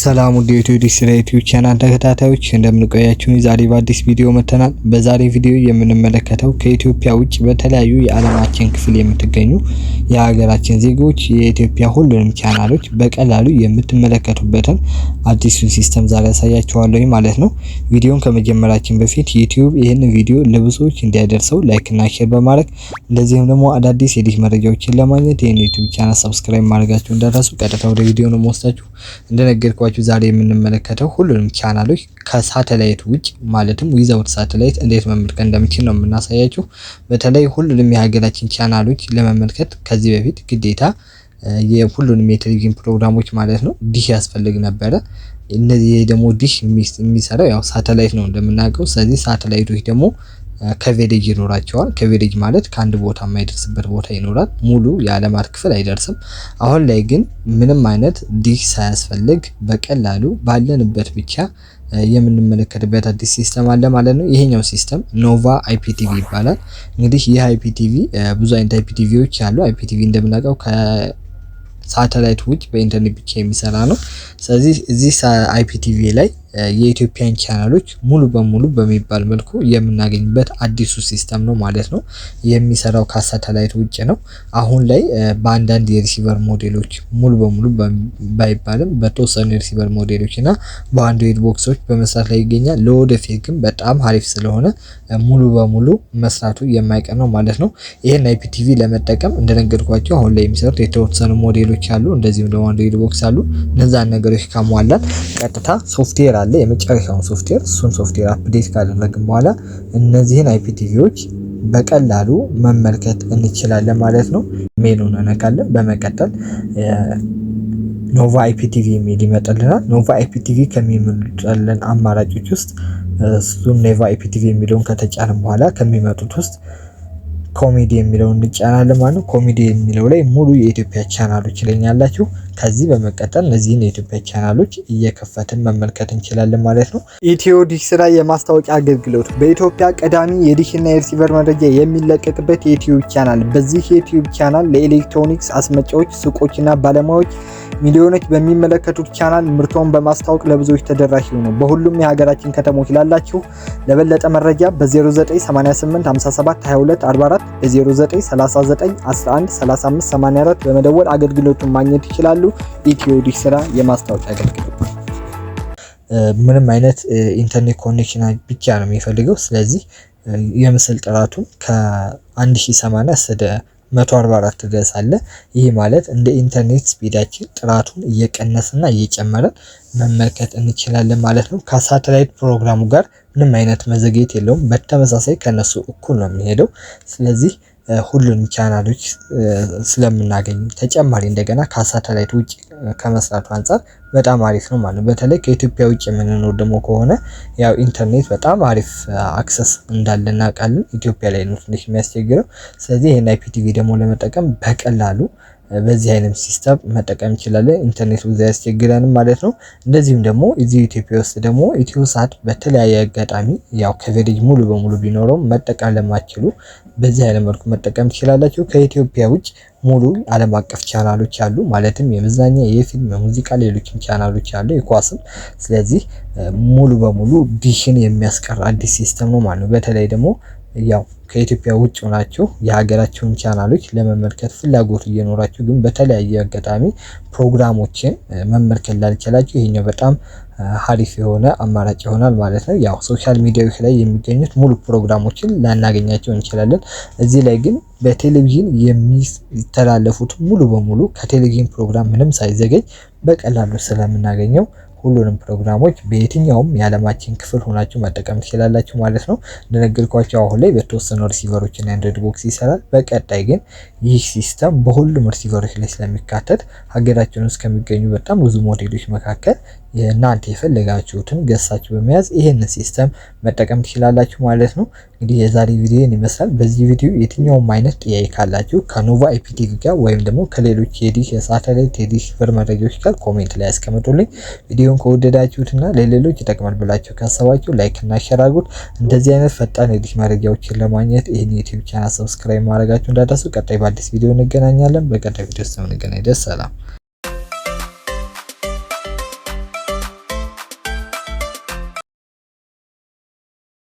ሰላም ውድ የኢትዮ ዲሽ ዩቲዩብ ቻናል ተከታታዮች እንደምንቆያችሁን ዛሬ በአዲስ ቪዲዮ መተናል። በዛሬ ቪዲዮ የምንመለከተው ከኢትዮጵያ ውጭ በተለያዩ የዓለማችን ክፍል የምትገኙ የሀገራችን ዜጎች የኢትዮጵያ ሁሉንም ቻናሎች በቀላሉ የምትመለከቱበትን አዲሱን ሲስተም ዛሬ ያሳያችኋለሁ ማለት ነው። ቪዲዮን ከመጀመራችን በፊት ዩቲዩብ ይህን ቪዲዮ ለብዙዎች እንዲያደርሰው ላይክና ሼር በማድረግ እንደዚህም ደግሞ አዳዲስ የዲሽ መረጃዎችን ለማግኘት ይህን ዩቲዩብ ቻናል ሰብስክራይብ ማድረጋችሁ እንዳትረሱ። ቀጥታ ወደ ቪዲዮ ነው መወስዳችሁ እንደነገር እንዳልኳችሁ ዛሬ የምንመለከተው ሁሉንም ቻናሎች ከሳተላይት ውጭ ማለትም ዊዛውት ሳተላይት እንዴት መመልከት እንደምችል ነው የምናሳያችሁ። በተለይ ሁሉንም የሀገራችን ቻናሎች ለመመልከት ከዚህ በፊት ግዴታ የሁሉንም የቴሌቪዥን ፕሮግራሞች ማለት ነው ዲሽ ያስፈልግ ነበረ። እነዚህ ደግሞ ዲሽ የሚሰራው ያው ሳተላይት ነው እንደምናውቀው። ስለዚህ ሳተላይቶች ደግሞ ከቬሬጅ ይኖራቸዋል። ከቬሬጅ ማለት ከአንድ ቦታ የማይደርስበት ቦታ ይኖራል። ሙሉ የዓለማት ክፍል አይደርስም። አሁን ላይ ግን ምንም አይነት ዲሽ ሳያስፈልግ በቀላሉ ባለንበት ብቻ የምንመለከትበት አዲስ ሲስተም አለ ማለት ነው። ይሄኛው ሲስተም ኖቫ አይፒቲቪ ይባላል። እንግዲህ ይህ አይፒቲቪ ብዙ አይነት አይፒቲቪዎች አሉ። አይፒቲቪ እንደምናውቀው ከሳተላይት ውጭ በኢንተርኔት ብቻ የሚሰራ ነው። ስለዚህ እዚህ አይፒቲቪ ላይ የኢትዮጵያን ቻናሎች ሙሉ በሙሉ በሚባል መልኩ የምናገኝበት አዲሱ ሲስተም ነው ማለት ነው። የሚሰራው ከሳተላይት ውጭ ነው። አሁን ላይ በአንዳንድ የሪሲቨር ሞዴሎች ሙሉ በሙሉ ባይባልም በተወሰኑ የሪሲቨር ሞዴሎች እና በአንድሮይድ ቦክሶች በመስራት ላይ ይገኛል። ለወደፊት ግን በጣም አሪፍ ስለሆነ ሙሉ በሙሉ መስራቱ የማይቀር ነው ማለት ነው። ይህን አይፒቲቪ ለመጠቀም እንደነገርኳቸው አሁን ላይ የሚሰሩት የተወሰኑ ሞዴሎች አሉ፣ እንደዚሁም ደግሞ አንድሮይድ ቦክስ አሉ። እነዛን ነገሮች ካሟላት ቀጥታ ሶፍትዌር ስላለ የመጨረሻውን ሶፍትዌር እሱን ሶፍትዌር አፕዴት ካደረግን በኋላ እነዚህን አይፒቲቪዎች በቀላሉ መመልከት እንችላለን ማለት ነው። ሜኑን እነካለን። በመቀጠል ኖቫ አይፒቲቪ የሚል ይመጣልናል። ኖቫ አይፒቲቪ ከሚመጣልን አማራጮች ውስጥ እሱን ኔቫ አይፒቲቪ የሚለውን ከተጫንም በኋላ ከሚመጡት ውስጥ ኮሚዲ የሚለው እንጫናለን ማለት ነው። ኮሚዲ የሚለው ላይ ሙሉ የኢትዮጵያ ቻናሎች ይለኛላችሁ። ከዚህ በመቀጠል እነዚህን የኢትዮጵያ ቻናሎች እየከፈትን መመልከት እንችላለን ማለት ነው። ኢትዮ ዲሽ ላይ የማስታወቂያ አገልግሎት በኢትዮጵያ ቀዳሚ የዲሽና የሪሲቨር መረጃ የሚለቀቅበት የዩቲዩብ ቻናል። በዚህ የዩቲዩብ ቻናል ለኤሌክትሮኒክስ አስመጫዎች ሱቆችና ባለሙያዎች ሚሊዮኖች በሚመለከቱት ቻናል ምርቶን በማስታወቅ ለብዙዎች ተደራሽ ነው። በሁሉም የሀገራችን ከተሞች ላላችሁ ለበለጠ መረጃ በ0988572244 በ በመደወል አገልግሎቱን ማግኘት ይችላሉ። ኢትዮ ዲሽ ስራ የማስታወቂያ አገልግሎት ምንም አይነት ኢንተርኔት ኮኔክሽን ብቻ ነው የሚፈልገው። ስለዚህ የምስል ጥራቱን ከ1080 ወደ 144 ድረስ አለ። ይህ ማለት እንደ ኢንተርኔት ስፒዳችን ጥራቱን እየቀነሰና እየጨመረ መመልከት እንችላለን ማለት ነው። ከሳተላይት ፕሮግራሙ ጋር ምንም አይነት መዘግየት የለውም። በተመሳሳይ ከነሱ እኩል ነው የሚሄደው። ስለዚህ ሁሉንም ቻናሎች ስለምናገኝ ተጨማሪ እንደገና ከሳተላይት ውጭ ከመስራቱ አንፃር በጣም አሪፍ ነው ማለት ነው። በተለይ ከኢትዮጵያ ውጭ የምንኖር ደግሞ ከሆነ ያው ኢንተርኔት በጣም አሪፍ አክሰስ እንዳለ እናውቃለን። ኢትዮጵያ ላይ ነው ትንሽ የሚያስቸግረው። ስለዚህ ይህን አይፒቲቪ ደግሞ ለመጠቀም በቀላሉ በዚህ አይነት ሲስተም መጠቀም እንችላለን። ኢንተርኔት ብዙ አያስቸግረንም ማለት ነው። እንደዚህም ደግሞ እዚህ ኢትዮጵያ ውስጥ ደግሞ ሳት በተለያየ አጋጣሚ ያው ከቨሬጅ ሙሉ በሙሉ ቢኖረውም መጠቀም ለማችሉ በዚህ አይነት መልኩ መጠቀም ትችላላችሁ። ከኢትዮጵያ ውጭ ሙሉ ዓለም አቀፍ ቻናሎች አሉ። ማለትም የመዝናኛ፣ የፊልም፣ የሙዚቃ ሌሎችም ቻናሎች አሉ፣ የኳስም። ስለዚህ ሙሉ በሙሉ ዲሽን የሚያስቀር አዲስ ሲስተም ነው ማለት ነው። በተለይ ደግሞ ያው ከኢትዮጵያ ውጭ ሆናችሁ የሀገራችሁን ቻናሎች ለመመልከት ፍላጎት እየኖራችሁ ግን በተለያየ አጋጣሚ ፕሮግራሞችን መመልከት ላልቻላችሁ ይሄኛው በጣም ሀሪፍ የሆነ አማራጭ ይሆናል ማለት ነው። ያው ሶሻል ሚዲያዎች ላይ የሚገኙት ሙሉ ፕሮግራሞችን ላናገኛቸው እንችላለን። እዚህ ላይ ግን በቴሌቪዥን የሚተላለፉት ሙሉ በሙሉ ከቴሌቪዥን ፕሮግራም ምንም ሳይዘገኝ በቀላሉ ስለምናገኘው ሁሉንም ፕሮግራሞች በየትኛውም የዓለማችን ክፍል ሆናችሁ መጠቀም ትችላላችሁ ማለት ነው። እንደነገርኳቸው አሁን ላይ በተወሰኑ ሪሲቨሮች እና አንድሮይድ ቦክስ ይሰራል። በቀጣይ ግን ይህ ሲስተም በሁሉም ሪሲቨሮች ላይ ስለሚካተት ሀገራችን ውስጥ ከሚገኙ በጣም ብዙ ሞዴሎች መካከል እናንተ የፈለጋችሁትን ገሳችሁ በመያዝ ይህንን ሲስተም መጠቀም ትችላላችሁ ማለት ነው። እንግዲህ የዛሬ ቪዲዮን ይመስላል። በዚህ ቪዲዮ የትኛውም አይነት ጥያቄ ካላችሁ ከኖቫ ኤፒቴክ ጋር ወይም ደግሞ ከሌሎች የዲሽ የሳተላይት የዲሽ ቨር መረጃዎች ጋር ኮሜንት ላይ ያስቀምጡልኝ። ቪዲዮን ከወደዳችሁትና ለሌሎች ይጠቅማል ብላችሁ ካሰባችሁ ላይክ እና ሼር አድርጉት። እንደዚህ አይነት ፈጣን የዲሽ መረጃዎችን ለማግኘት ይህን ዩቲዩብ ቻናል ሰብስክራይብ ማድረጋችሁ እንዳደረሱ። ቀጣይ በአዲስ ቪዲዮ እንገናኛለን። በቀጣይ ቪዲዮ ውስጥ እንገናኝ። ደስ ሰላም